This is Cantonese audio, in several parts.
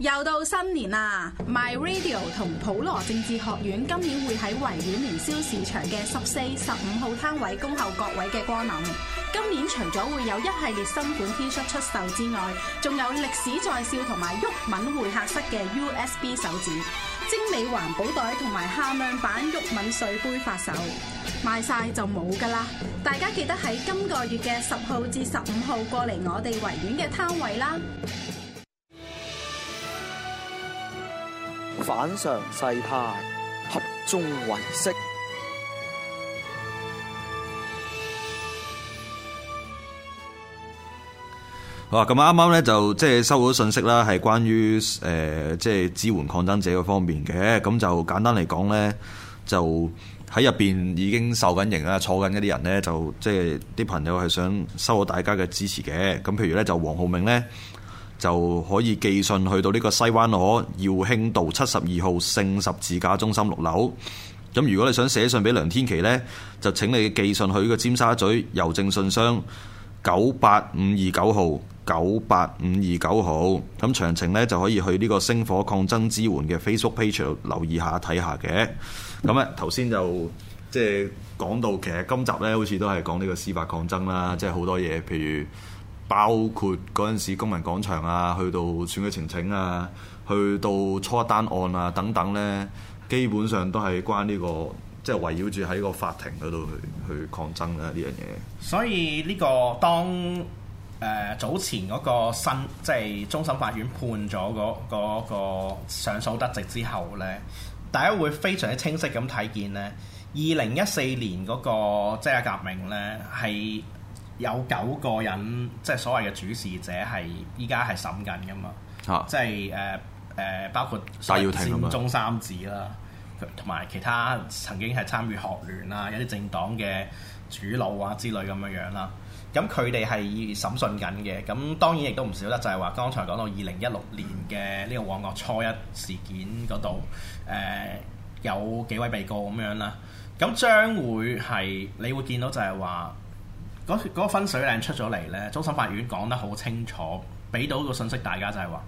又到新年啦！My Radio 同普羅政治學院今年會喺維園年宵市場嘅十四、十五號攤位恭候各位嘅光臨。今年除咗會有一系列新款 T 恤出售之外，仲有歷史在笑同埋郁敏會客室嘅 USB 手指、精美環保袋同埋限量版郁敏水杯發售，賣晒就冇噶啦！大家記得喺今個月嘅十號至十五號過嚟我哋維園嘅攤位啦。反常世態，合眾唯識。好，咁啱啱咧就即係收到信息啦，係關於誒即係支援抗爭者嗰方面嘅。咁就簡單嚟講咧，就喺入邊已經受緊刑啦，坐緊一啲人咧，就即係啲朋友係想收到大家嘅支持嘅。咁譬如咧，就黃浩銘咧。就可以寄信去到呢個西灣河耀興道七十二號聖十字架中心六樓。咁如果你想寫信俾梁天琦呢，就請你寄信去呢個尖沙咀郵政信箱九八五二九號，九八五二九號。咁詳情呢就可以去呢個星火抗爭支援嘅 Facebook page 留意下睇下嘅。咁啊，頭先就即係講到其實今集呢好似都係講呢個司法抗爭啦，即係好多嘢，譬如。包括嗰陣時公民廣場啊，去到選舉呈請啊，去到初一單案啊等等呢，基本上都係關呢、這個，即係圍繞住喺個法庭嗰度去去抗爭啦呢樣嘢。所以呢、這個當誒、呃、早前嗰個新，即係終審法院判咗嗰、那個那個上訴得直之後呢，大家會非常之清晰咁睇見呢。二零一四年嗰、那個即係革命呢，係。有九個人，即係所謂嘅主事者，係依家係審緊㗎嘛？啊、即係誒誒，包括佔中三子啦，同埋其他曾經係參與學聯啊、有啲政黨嘅主腦啊之類咁樣樣啦。咁佢哋係審訊緊嘅。咁當然亦都唔少得，就係話剛才講到二零一六年嘅呢個旺角初一事件嗰度，誒、呃、有幾位被告咁樣啦。咁將會係你會見到就係話。嗰分水嶺出咗嚟呢，終審法院講得好清楚，俾到個信息大家就係話，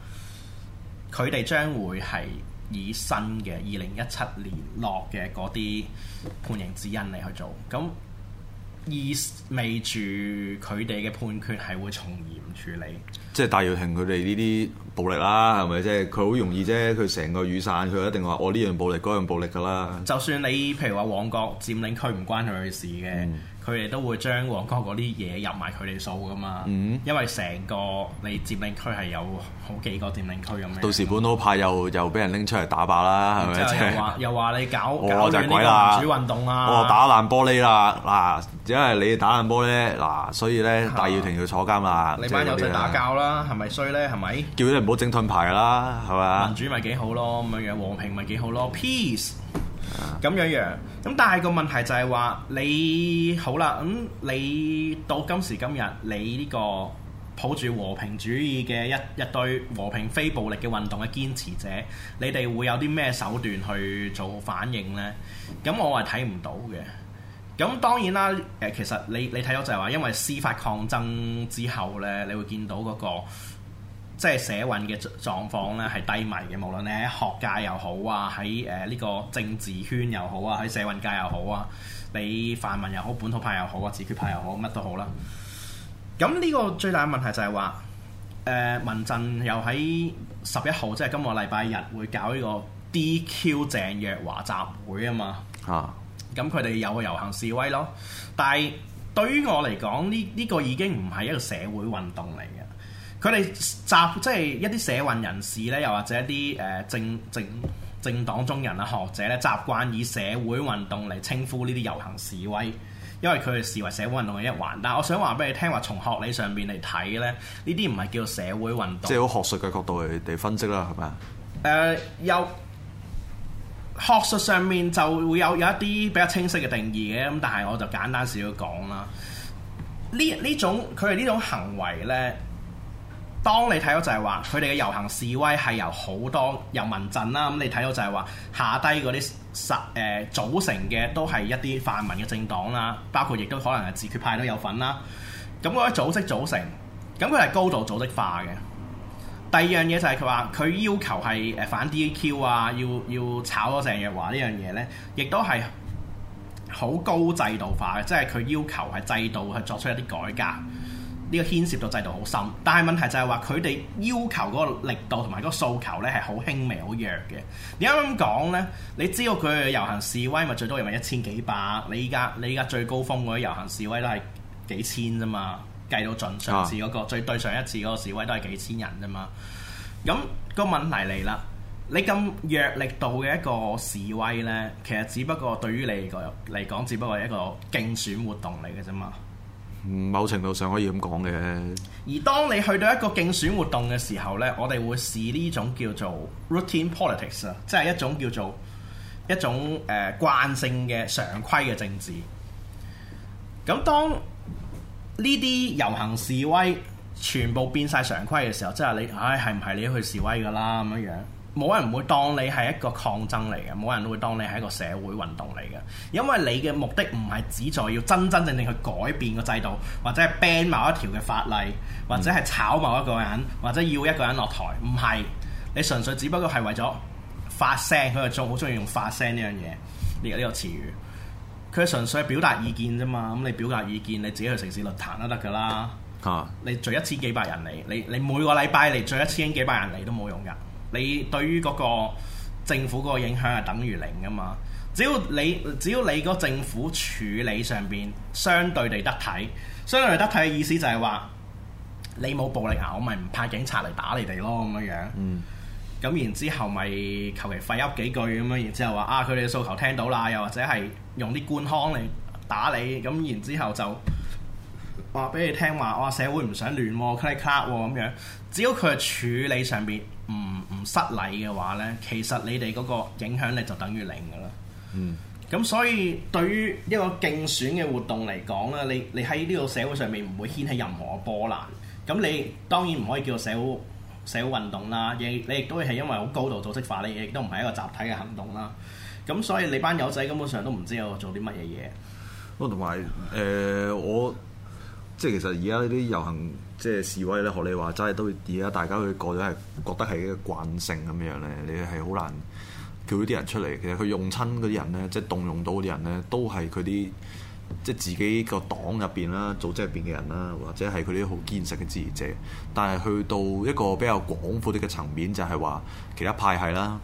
佢哋將會係以新嘅二零一七年落嘅嗰啲判刑指引嚟去做，咁意味住佢哋嘅判決係會從嚴處理。即係戴耀廷佢哋呢啲暴力啦，啊，係咪？即係佢好容易啫，佢成個雨傘佢一定話我呢樣暴力嗰樣暴力噶啦。就算你譬如話旺角佔領區唔關佢哋事嘅。嗯佢哋都會將旺角嗰啲嘢入埋佢哋數噶嘛，因為成個你佔領區係有好幾個佔領區咁樣。到時本土派又又俾人拎出嚟打靶啦，係咪先？又話又話你搞搞呢個民主運動啦，哦，打爛玻璃啦！嗱，因為你打爛玻璃嗱，所以咧戴耀廷要坐監啦。你班友仔打交啦，係咪衰咧？係咪？叫你唔好整盾牌啦，係咪啊？民主咪幾好咯，咁樣和平咪幾好咯，peace。咁樣樣，咁但係個問題就係話你好啦，咁你到今時今日，你呢個抱住和平主義嘅一一堆和平非暴力嘅運動嘅堅持者，你哋會有啲咩手段去做反應呢？咁我係睇唔到嘅。咁當然啦，誒，其實你你睇到就係話，因為司法抗爭之後呢，你會見到嗰個。即係社運嘅狀況咧係低迷嘅，無論你喺學界又好啊，喺誒呢個政治圈又好啊，喺社運界又好啊，你泛民又好，本土派又好啊，自決派又好，乜都好啦。咁呢個最大嘅問題就係話，誒、呃、民陣又喺十一號，即、就、係、是、今個禮拜日會搞呢個 DQ 鄭若驊集會啊嘛。啊！咁佢哋有個遊行示威咯，但係對於我嚟講，呢、這、呢個已經唔係一個社會運動嚟嘅。佢哋習即係一啲社運人士咧，又或者一啲誒、呃、政政政黨中人啊、學者咧，習慣以社會運動嚟稱呼呢啲遊行示威，因為佢哋視為社會運動嘅一環。但係我想話俾你聽，話從學理上面嚟睇咧，呢啲唔係叫社會運動。即係好學術嘅角度嚟分析啦，係咪啊？有、呃、學術上面就會有有一啲比較清晰嘅定義嘅，咁但係我就簡單少少講啦。呢呢種佢哋呢種行為咧。當你睇到就係話，佢哋嘅遊行示威係由好多由民陣啦，咁、嗯、你睇到就係話下低嗰啲實誒組成嘅都係一啲泛民嘅政黨啦，包括亦都可能係自決派都有份啦。咁嗰啲組織組成，咁佢係高度組織化嘅。第二樣嘢就係佢話佢要求係誒反 DQ 啊，要要炒咗鄭若驊呢樣嘢咧，亦都係好高制度化嘅，即係佢要求係制度去作出一啲改革。呢個牽涉到制度好深，但係問題就係話佢哋要求嗰個力度同埋嗰個訴求呢係好輕微、好弱嘅。點解咁講呢？你知道佢遊行示威咪最多又咪一千幾百？你依家你依家最高峰嗰啲遊行示威都係幾千啫嘛，計到盡上次嗰、嗰個、啊、最對上一次嗰個示威都係幾千人啫嘛。咁、個問題嚟啦，你咁弱力度嘅一個示威呢，其實只不過對於你嚟講，只不過係一個競選活動嚟嘅啫嘛。某程度上可以咁講嘅。而當你去到一個競選活動嘅時候呢，我哋會視呢種叫做 routine politics 啊，即係一種叫做一種誒、呃、慣性嘅常規嘅政治。咁當呢啲遊行示威全部變晒常規嘅時候，即係你，唉、哎，係唔係你去示威㗎啦咁樣樣？冇人唔會當你係一個抗爭嚟嘅，冇人會當你係一個社會運動嚟嘅，因為你嘅目的唔係旨在要真真正正去改變個制度，或者係 ban 某一條嘅法例，或者係炒某一個人，或者要一個人落台。唔係，你純粹只不過係為咗發聲，佢又中好中意用發聲呢樣嘢，呢個呢個詞語。佢純粹係表達意見啫嘛。咁你表達意見，你自己去城市論壇都得㗎啦。嚇、啊，你聚一千幾百人嚟，你你每個禮拜嚟聚一千幾百人嚟都冇用㗎。你對於嗰個政府嗰個影響係等於零㗎嘛？只要你只要你個政府處理上邊相對地得體，相對地得體嘅意思就係話你冇暴力啊，我咪唔派警察嚟打你哋咯，咁樣樣。嗯。咁然之後咪求其廢噏幾句咁樣，然之後話啊，佢哋嘅訴求聽到啦，又或者係用啲官腔嚟打你，咁然之後就話俾你聽話，我、啊、社會唔想亂喎，clear cut 喎，咁樣、啊。只要佢處理上邊。唔唔失禮嘅話呢，其實你哋嗰個影響力就等於零噶啦。咁、嗯、所以對於一個競選嘅活動嚟講咧，你你喺呢個社會上面唔會掀起任何波瀾。咁你當然唔可以叫做社會社會運動啦，你亦都係因為好高度組織化，你亦都唔係一個集體嘅行動啦。咁所以你班友仔根本上都唔知我做啲乜嘢嘢。我同埋誒我。即係其實而家呢啲遊行，即係示威咧，學你話齋都而家大家會覺得係覺得係一個慣性咁樣咧，你係好難叫啲人出嚟。其實佢用親嗰啲人咧，即係動用到啲人咧，都係佢啲即係自己個黨入邊啦、組織入邊嘅人啦，或者係佢啲好堅實嘅支持者。但係去到一個比較廣闊啲嘅層面，就係話其他派系啦。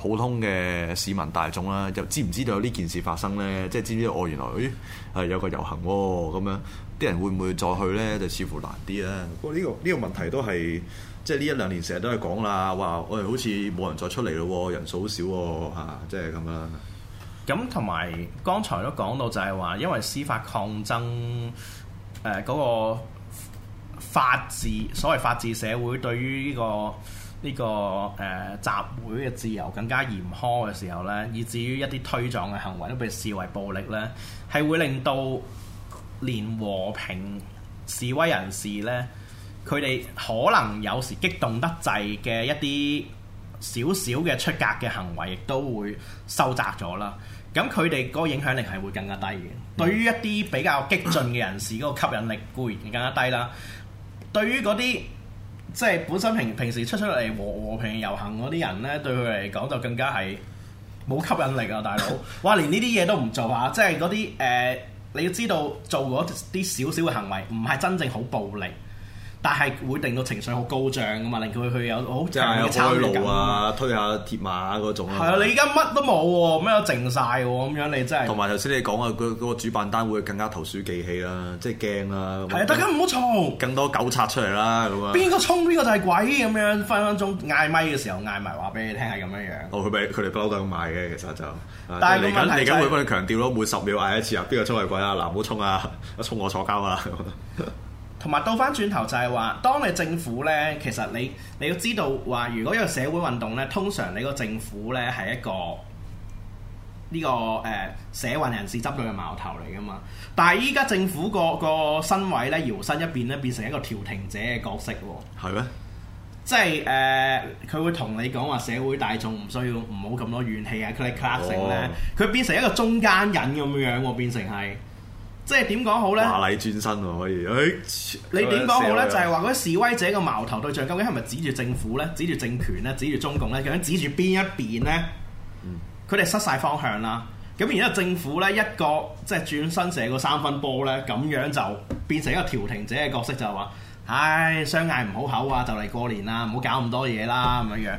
普通嘅市民大眾啦，又知唔知道有呢件事發生呢？即係知唔知我、哦、原來誒有個遊行咁、啊、樣，啲人會唔會再去呢？就似乎難啲啦、啊。不過呢、呢個呢、呢個問題都係即係呢一兩年成日都係講啦，話我哋好似冇人再出嚟咯、啊，人數好少喎，即係咁啦。咁同埋剛才都講到就係話，因為司法抗爭誒嗰、呃嗰個法治，所謂法治社會對於呢、呢個。呢、呢個誒、呃、集會嘅自由更加嚴苛嘅時候，呢以至於一啲推撞嘅行為，都被視為暴力。呢係會令到連和平示威人士，呢佢哋可能有時激動得滯嘅一啲少少嘅出格嘅行為，亦都會收窄咗啦。咁佢哋嗰個影響力係會更加低嘅。對於一啲比較激進嘅人士，嗰個吸引力固然更加低啦。對於嗰啲即係本身平平時出出嚟和和平遊行嗰啲人咧，對佢嚟講就更加係冇吸引力啊！大佬， 哇，連呢啲嘢都唔做啊！ 即係嗰啲誒，你要知道做嗰啲少少嘅行為，唔係真正好暴力。但係會令到情緒好高漲噶嘛，令佢佢有好強嘅參與感啊！推下鐵馬嗰種啊！係啊！你而家乜都冇喎，咩都靜晒喎，咁樣你真係同埋頭先你講啊，嗰、嗰個主辦單位更加投鼠忌器啦，即係驚啦！係啊的！樣大家唔好衝！更多狗賊出嚟啦咁啊！邊個衝邊個就係鬼咁樣，分分鐘嗌咪嘅時候嗌埋話俾你聽係咁樣樣。哦，佢咪佢哋不嬲都賣嘅其實就，但係嚟緊嚟緊會幫你強調咯，每十秒嗌一次啊！邊個衝係鬼啊？嗱，唔好衝啊！一衝、啊啊、我坐交啊！ 同埋倒翻轉頭就係話，當你政府呢，其實你你要知道話，如果一個社會運動呢，通常你個政府呢係一個呢個誒、呃、社運人士執到嘅矛頭嚟噶嘛。但係依家政府個個身位呢，搖身一變呢，變成一個調停者嘅角色喎、啊。係咩嗎？即係佢、呃、會同你講話社會大眾唔需要唔好咁多怨氣啊，佢哋 c l a s、哦、s i n 佢變成一個中間人咁樣樣喎、啊，變成係。即係點講好呢？華麗轉身可以。哎、你點講好呢？就係話嗰示威者嘅矛頭對象究竟係咪指住政府呢？指住政權呢？指住中共呢？究竟指住邊一邊呢？佢哋、嗯、失晒方向啦。咁然之後，政府呢，一個即係轉身射個三分波呢，咁樣就變成一個調停者嘅角色，就係話，唉，相嗌唔好口啊，就嚟過年啦，唔好搞咁多嘢啦，咁樣樣。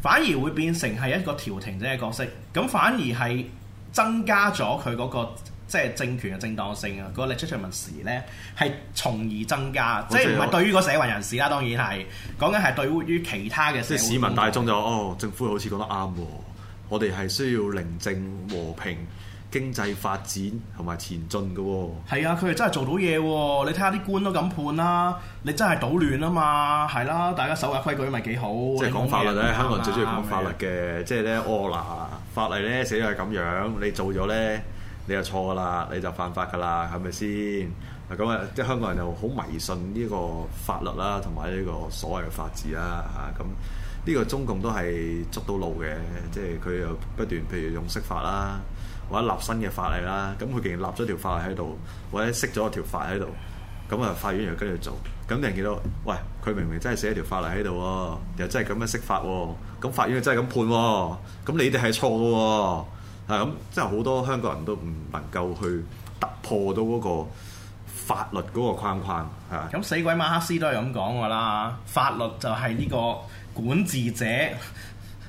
反而會變成係一個調停者嘅角色，咁反而係增加咗佢嗰個。即係政權嘅正當性啊！個 legitimacy 咧，係從而增加，即係唔係對於個社運人士啦，當然係講緊係對於其他嘅。即係市民大眾就哦，政府好似講得啱喎、哦，我哋係需要寧靜、和平、經濟發展同埋前進嘅喎、哦。係啊，佢哋真係做到嘢喎、哦！你睇下啲官都咁判啦、啊，你真係搗亂啊嘛，係啦、啊，大家守下規矩咪幾好。即係講法律咧，香港人最中意講法律嘅，啊啊、即係是咧，哦嗱、呃，法例咧寫咗係咁樣，你做咗咧。你就錯啦，你就犯法噶啦，係咪先？咁啊，即係香港人就好迷信呢個法律啦，同埋呢個所謂嘅法治啦，嚇咁呢個中共都係捉到路嘅，即係佢又不斷譬如用釋法啦，或者立新嘅法例啦，咁佢竟然立咗條法例喺度，或者釋咗條法喺度，咁啊法院又跟住做，咁你見到喂佢明明真係寫一條法例喺度，又真係咁樣釋法喎，咁法院又真係咁判喎，咁你哋係錯嘅喎。係咁、嗯，即係好多香港人都唔能夠去突破到嗰個法律嗰個框框，係嘛？咁死鬼馬克思都係咁講㗎啦，法律就係呢個管治者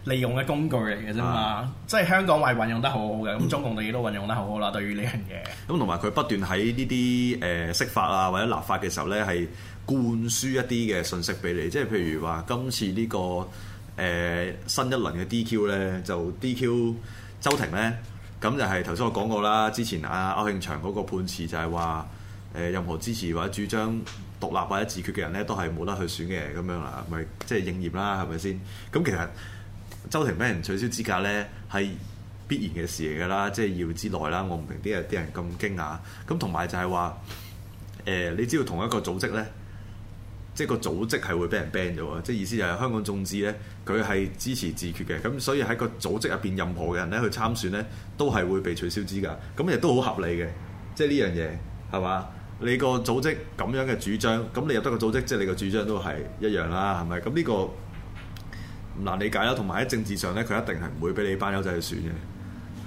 利用嘅工具嚟嘅啫嘛。嗯、即係香港話運用得好好嘅，咁、嗯、中共哋都運用得好好啦。對於呢樣嘢，咁同埋佢不斷喺呢啲誒釋法啊或者立法嘅時候咧，係灌輸一啲嘅信息俾你。即係譬如話，今次呢、呢個誒、呃、新一輪嘅 DQ 咧，就 DQ。周庭呢，咁就係頭先我講過啦。之前阿歐慶祥嗰個判詞就係話，誒、呃、任何支持或者主張獨立或者自決嘅人呢，都係冇得去選嘅咁樣啦，咪即係應驗啦，係咪先？咁其實周庭俾人取消資格呢，係必然嘅事嚟㗎啦，即、就、係、是、料之內啦。我唔明啲人啲人咁驚訝。咁同埋就係話，誒、呃、你只要同一個組織呢。即係個組織係會俾人 ban 咗喎，即係意思就係香港眾志呢，佢係支持自決嘅，咁所以喺個組織入邊任何嘅人呢去參選呢，都係會被取消資格，咁亦都好合理嘅，即係呢樣嘢係嘛？你個組織咁樣嘅主張，咁你入得個組織，即係你個主張都係一樣啦，係咪？咁呢個唔難理解啦，同埋喺政治上呢，佢一定係唔會俾你班友仔去選嘅。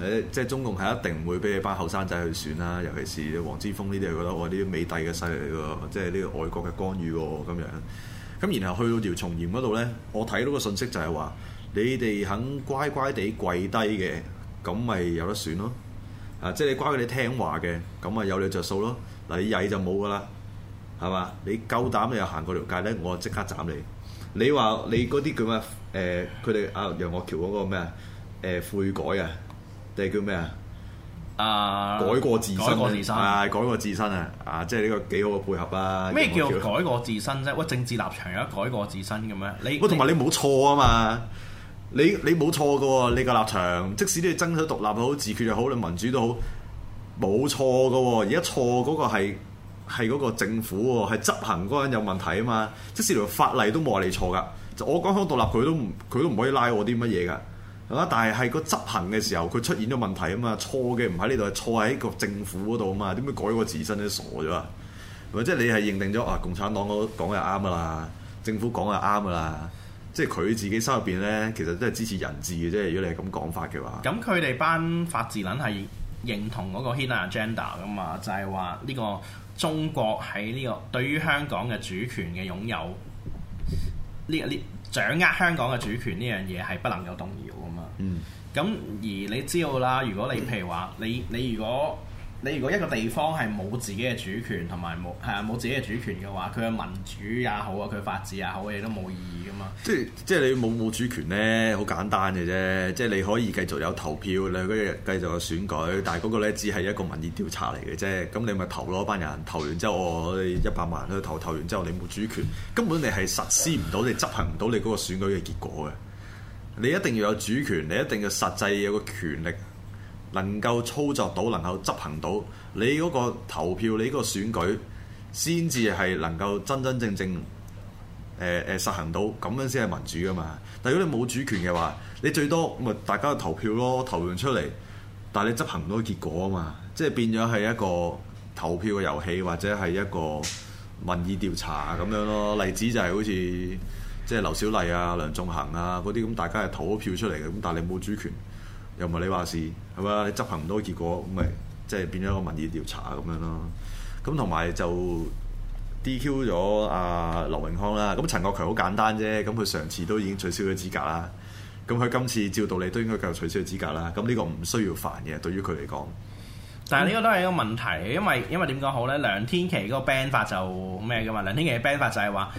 誒即係中共係一定唔會俾你班後生仔去選啦，尤其是黃之鋒呢啲，係覺得我啲美帝嘅勢力喎，即係呢個外國嘅干預喎，咁樣咁。然後去到條重嚴嗰度咧，我睇到個信息就係話你哋肯乖乖地跪低嘅，咁咪有得選咯。啊、就是，即係你乖佢哋聽話嘅，咁啊有你着數咯。嗱，你曳就冇㗎啦，係嘛？你夠膽你又行過條街咧，我就即刻斬你。你話你嗰啲叫咩？誒、呃，佢哋啊楊岳橋嗰個咩、呃、啊？誒悔改啊！定係叫咩啊？啊，改過自身，改過自身，啊，改過自身，啊，改過自身啊！啊，即係呢個幾好嘅配合啊！咩叫改過自身啫？喂，政治立場有得改過自身咁咩？你同埋你冇錯啊嘛！你你冇錯嘅，你個立場，即使你爭取獨立好，自決又好，你民主都好，冇錯嘅。而家錯嗰個係係嗰個政府，係執行嗰個人有問題啊嘛！即使條法例都冇話你錯噶，我講香港獨立，佢都佢都唔可以拉我啲乜嘢噶。但係係個執行嘅時候，佢出現咗問題啊嘛。錯嘅唔喺呢度，錯喺個政府嗰度啊嘛。點解改個自身都傻咗啊？或、就、者、是、你係認定咗啊、哦？共產黨講嘅啱噶啦，政府講嘅啱噶啦。即係佢自己心入邊咧，其實都係支持人治嘅啫。如果你係咁講法嘅話，咁佢哋班法治撚係認同嗰個 agenda 㗎嘛，就係話呢個中國喺呢、呢個對於香港嘅主權嘅擁有呢呢、呢個、掌握香港嘅主權呢樣嘢係不能夠動搖。嗯，咁而你知道啦，如果你譬如話，你你如果你如果一個地方係冇自己嘅主權同埋冇係冇自己嘅主權嘅話，佢嘅民主也好啊，佢法治也好嘅都冇意義噶嘛。即係即係你冇冇主權呢，好簡單嘅啫。即係你可以繼續有投票，你日繼續有選舉，但係嗰個呢只係一個民意調查嚟嘅啫。咁你咪投咯，班人投完之後，我一百萬人去投投完之後，你冇主權，根本你係實施唔到，你執行唔到你嗰個選舉嘅結果嘅。你一定要有主權，你一定要實際有個權力，能夠操作到，能夠執行到，你嗰個投票，你嗰個選舉，先至係能夠真真正正，誒、呃、實行到，咁樣先係民主噶嘛。但如果你冇主權嘅話，你最多咪大家投票咯，投票出嚟，但係你執行唔到結果啊嘛，即係變咗係一個投票嘅遊戲，或者係一個民意調查咁樣咯。例子就係好似。即係劉小麗啊、梁仲恒啊嗰啲咁，大家係投票出嚟嘅咁，但係你冇主權，又唔係你話事係嘛？你執行唔到結果咁，咪即係變咗個民意調查咁樣咯。咁同埋就 DQ 咗阿、啊、劉榮康啦。咁陳國強好簡單啫，咁佢上次都已經取消咗資格啦。咁佢今次照道理都應該繼續取消咗資格啦。咁呢個唔需要煩嘅，對於佢嚟講。但係呢個都係一個問題，因為因為點講好咧？梁天琦嗰個 ban 法就咩嘅嘛？梁天琦嘅 ban 法就係話。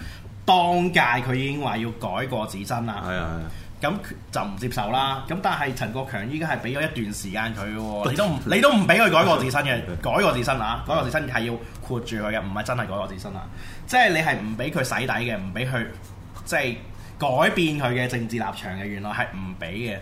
當屆佢已經話要改過自身啦，係啊，咁就唔接受啦。咁但係陳國強依家係俾咗一段時間佢喎，你都唔你都唔俾佢改過自身嘅，改過自身啊，改過自身係要括住佢嘅，唔係真係改過自身啊，即係你係唔俾佢洗底嘅，唔俾佢即係改變佢嘅政治立場嘅，原來係唔俾嘅。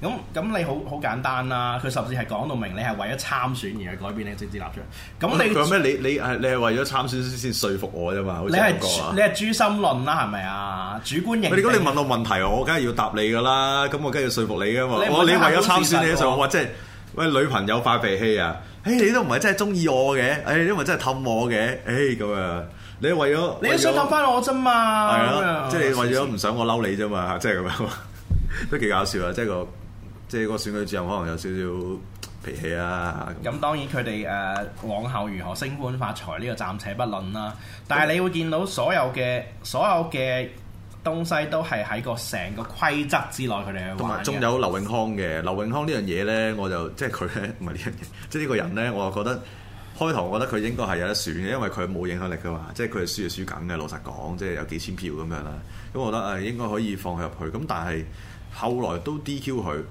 咁咁你好好簡單啦、啊，佢甚至係講到明，你係為咗參選而改變你政治立場。咁你係咩？你你係你係為咗參選先先説服我啫嘛？說說你係你係誅心論啦，係咪啊？主觀認定。如果你，你問我問題，我梗係要答你㗎啦，咁我梗係要説服你㗎嘛。我你，、啊、你為咗參選你，你説服我即係喂女朋友發脾氣啊！誒，你都唔係真係中意我嘅，誒、哎，你都唔係真係氹我嘅，誒，咁啊，你係為咗你想收翻我啫嘛？係啊，即係你為咗唔想我嬲你啫嘛？即係咁啊，都 幾搞笑啊！即係個。即係個選舉之後，可能有少少脾氣啊。咁當然佢哋誒，往後如何升官發財呢？呢個暫且不論啦。但係你會見到所有嘅、嗯、所有嘅東西都係喺個成個規則之內，佢哋去玩。同埋仲有劉永康嘅劉永康呢樣嘢咧，我就即係佢咧，唔係呢樣嘢，即係呢個人咧，我就覺得開頭我覺得佢應該係有得選嘅，因為佢冇影響力噶嘛，即係佢係輸就輸梗嘅。老實講，即係有幾千票咁樣啦。咁我覺得誒、哎、應該可以放佢入去。咁但係後來都 D Q 佢。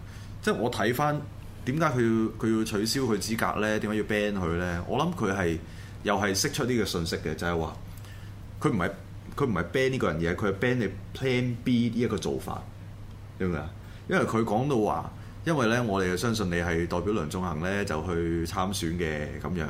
即係我睇翻點解佢要佢要取消佢資格咧？點解要 ban 佢咧？我諗佢係又係釋出呢個信息嘅，就係話佢唔係佢唔係 ban 呢個人，而係佢 ban 你 plan B 呢一個做法，明唔明啊？因為佢講到話，因為咧我哋就相信你係代表梁仲恒咧就去參選嘅咁樣，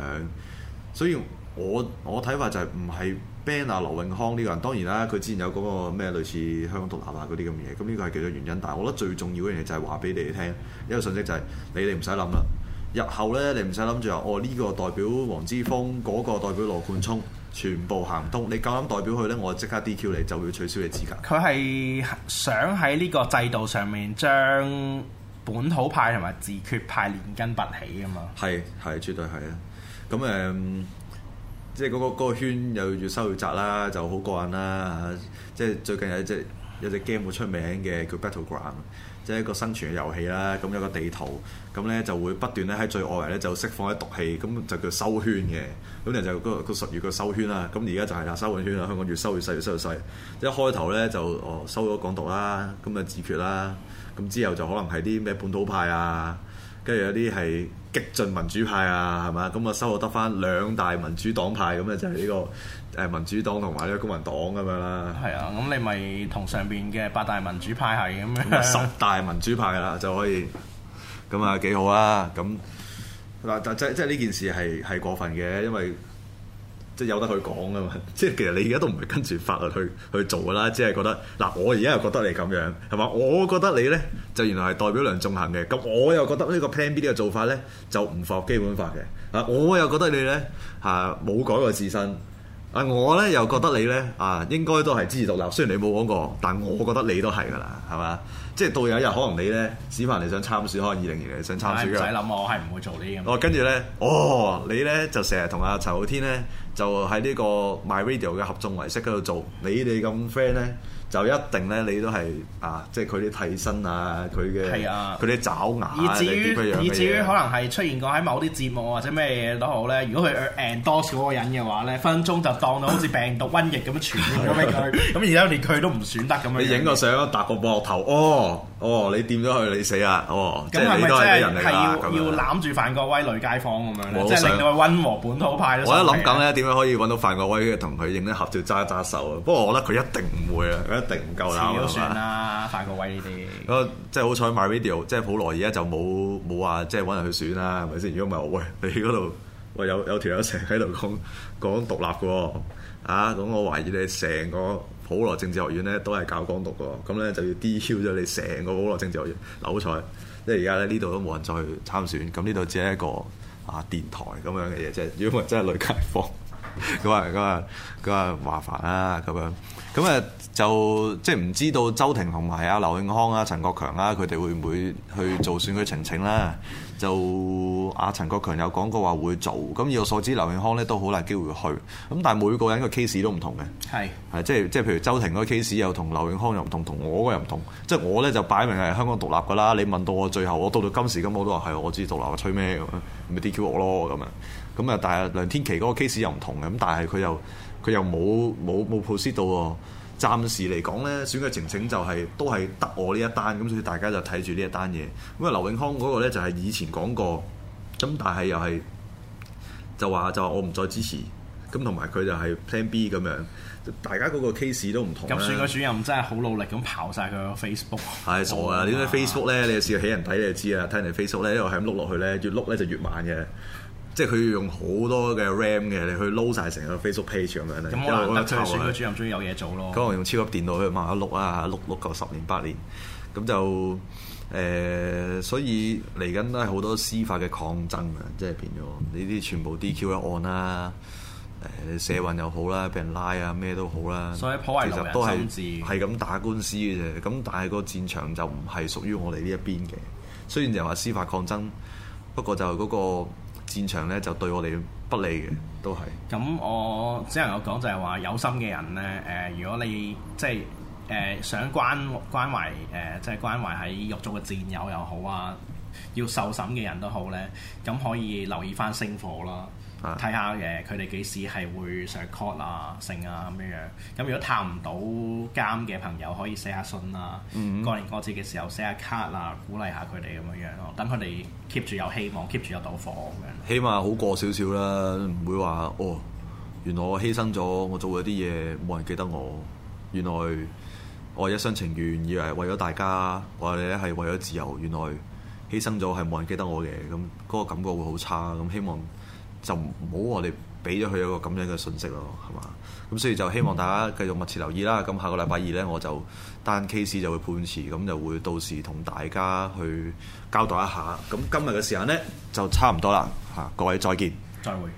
所以我我睇法就係唔係。Ben 啊，劉永康呢個人當然啦，佢之前有嗰個咩類似香港獨立啊嗰啲咁嘅嘢，咁呢個係幾多原因？但係我覺得最重要嘅嘢就係話俾你哋聽，一個訊息就係、是、你哋唔使諗啦。日後呢，你唔使諗住話哦呢、這個代表黃之鋒，嗰、那個代表羅冠聰，全部行唔通。你夠膽代表佢呢？我即刻 DQ 你，就會取消你資格。佢係想喺呢個制度上面將本土派同埋自決派連根拔起啊嘛。係係，絕對係啊。咁誒。嗯即係嗰個圈又越收越窄啦，就好過癮啦。即係最近有隻有隻 game 好出名嘅叫 Battleground 即係一個生存嘅遊戲啦。咁有個地圖，咁咧就會不斷咧喺最外圍咧就釋放一毒氣，咁就叫收圈嘅。咁人就個個屬於個收圈啦。咁而家就係啊收緊圈啦，香港越收越細，越收越細。一開頭咧就哦收咗港獨啦，咁啊自決啦，咁之後就可能係啲咩本土派啊～跟住有啲係激進民主派啊，係嘛？咁啊收獲得返兩大民主黨派，咁啊就係呢個誒民主黨同埋呢個公民黨咁樣啦。係啊，咁你咪同上邊嘅八大民主派係咁樣。十大民主派啦，就可以咁啊幾好啊！咁嗱，但即係即係呢件事係係過分嘅，因為。即係有得佢講啊嘛！即係其實你而家都唔係跟住法律去去做噶啦，即係覺得嗱，我而家又覺得你咁樣係嘛？我覺得你咧就原來係代表梁頌恆嘅，咁我又覺得呢個 plan B 呢個做法咧就唔符合基本法嘅啊！我又覺得你咧嚇冇改過自身，啊我咧又覺得你咧啊應該都係支持獨立，雖然你冇講過，但我覺得你都係噶啦，係嘛？即係到有一日可能你咧，市民你想參選，可能二零二零想參選嘅，唔使諗，啊、我係唔會做、啊、呢樣。哦，跟住咧，哦你咧就成日同阿陳浩天咧。就喺呢個 my radio 嘅合眾唯識嗰度做，你哋咁 friend 咧，就一定咧，你都係啊，即係佢啲替身啊，佢嘅佢啲爪牙、啊。以至於，啊、以至於可能係出現過喺某啲節目或者咩嘢都好咧，如果佢誒 endorse 嗰個人嘅話咧，分分鐘就當到好似病毒瘟疫咁樣傳染咗俾佢，咁 而家連佢都唔選得咁樣你。你影個相，搭個膊頭哦。哦，你掂咗佢，你死啊！哦，即係咪真係係要要攬住范國威累街坊咁樣，即係令到佢溫和本土派，我一諗緊咧，點樣可以揾到范國威嘅同佢影啲合照揸一揸手啊？不過我覺得佢一定唔會啊，佢一定唔夠攬啊嘛。算啦，吧范國威呢啲。即係好彩 MyRadio 即係普羅而家就冇冇話即係揾人去選啦，係咪先？如果唔係，我喂，你嗰度喂有有條友成日喺度講講獨立嘅喎。啊！咁我懷疑你成個普羅政治學院咧都係教港獨嘅喎，咁咧就要 DQ 咗你成個普羅政治學院。好彩，即係而家咧呢度都冇人再去參選，咁呢度只係一個啊電台咁樣嘅嘢啫。如果話真係累街坊，咁啊咁啊咁啊麻煩啦咁樣。咁啊就即係唔知道周庭同埋阿劉穎匡啊、陳國強啊，佢哋會唔會去做選舉呈請啦？就阿陳國強有講過話會做咁，以我所知，劉永康咧都好大機會去咁。但係每個人個 case 都唔同嘅，係係是即係即係，譬如周庭嗰 case 又同劉永康又唔同，同我嗰個又唔同。即係我咧就擺明係香港獨立噶啦。你問到我最後，我到到今時今，我都話係我知獨立，我吹咩唔係 DQ 我咯咁樣咁啊。但係梁天琦嗰個 case 又唔同嘅咁，但係佢又佢又冇冇冇 post 到喎。暫時嚟講咧，選舉靜靜就係、是、都係得我呢一單咁，所以大家就睇住呢一單嘢。咁為劉永康嗰個咧就係以前講過咁，但係又係就話就我唔再支持咁，同埋佢就係 plan B 咁樣。大家嗰個 case 都唔同咁，選舉主任真係好努力咁刨晒佢 Facebook。係傻噶點解 Facebook 咧？你，呢 你試過起人睇你就知啊，睇人哋 Facebook 咧一路係咁碌落去咧，越碌咧就越慢嘅。即係佢要用好多嘅 RAM 嘅，你去 l 晒成個 Facebook page 咁，嗯、樣咧。咁我就就佢主任中意有嘢做咯，咁我用超級電腦去慢一碌啊，碌碌夠十年八年咁就誒，呃。所以嚟緊都係好多司法嘅抗爭啊，即係變咗呢啲全部 DQ 一案啦，呃、誒，社運又好啦，俾人拉啊咩都好啦。所以其為都爭治係咁打官司嘅啫。咁但係個戰場就唔係屬於我哋呢一邊嘅。雖然人話司法抗爭，不過就係嗰，那個。戰場咧就對我哋不利嘅，都係。咁我只能夠講就係話，有心嘅人咧，誒、呃，如果你即係誒、呃、想關關懷誒、呃，即係關懷喺獄中嘅戰友又好啊，要受審嘅人都好咧，咁可以留意翻星火咯。睇下嘅，佢哋幾時係會上 court 啊、成啊咁樣樣。咁如果探唔到監嘅朋友，可以寫下信啊，嗯、過年過節嘅時候寫下卡啊，鼓勵下佢哋咁樣樣咯。等佢哋 keep 住有希望，keep 住有鬥火咁樣。起碼好過少少啦，唔、嗯、會話哦。原來我犧牲咗，我做咗啲嘢冇人記得我。原來我一廂情願以為為咗大家，我哋咧係為咗自由。原來犧牲咗係冇人記得我嘅咁嗰個感覺會好差。咁希望。就唔好我哋俾咗佢一個咁樣嘅信息咯，係嘛？咁所以就希望大家繼續密切留意啦。咁下個禮拜二呢，我就單 case 就會判詞，咁就會到時同大家去交代一下。咁今日嘅時間呢，就差唔多啦，嚇，各位再見，再會。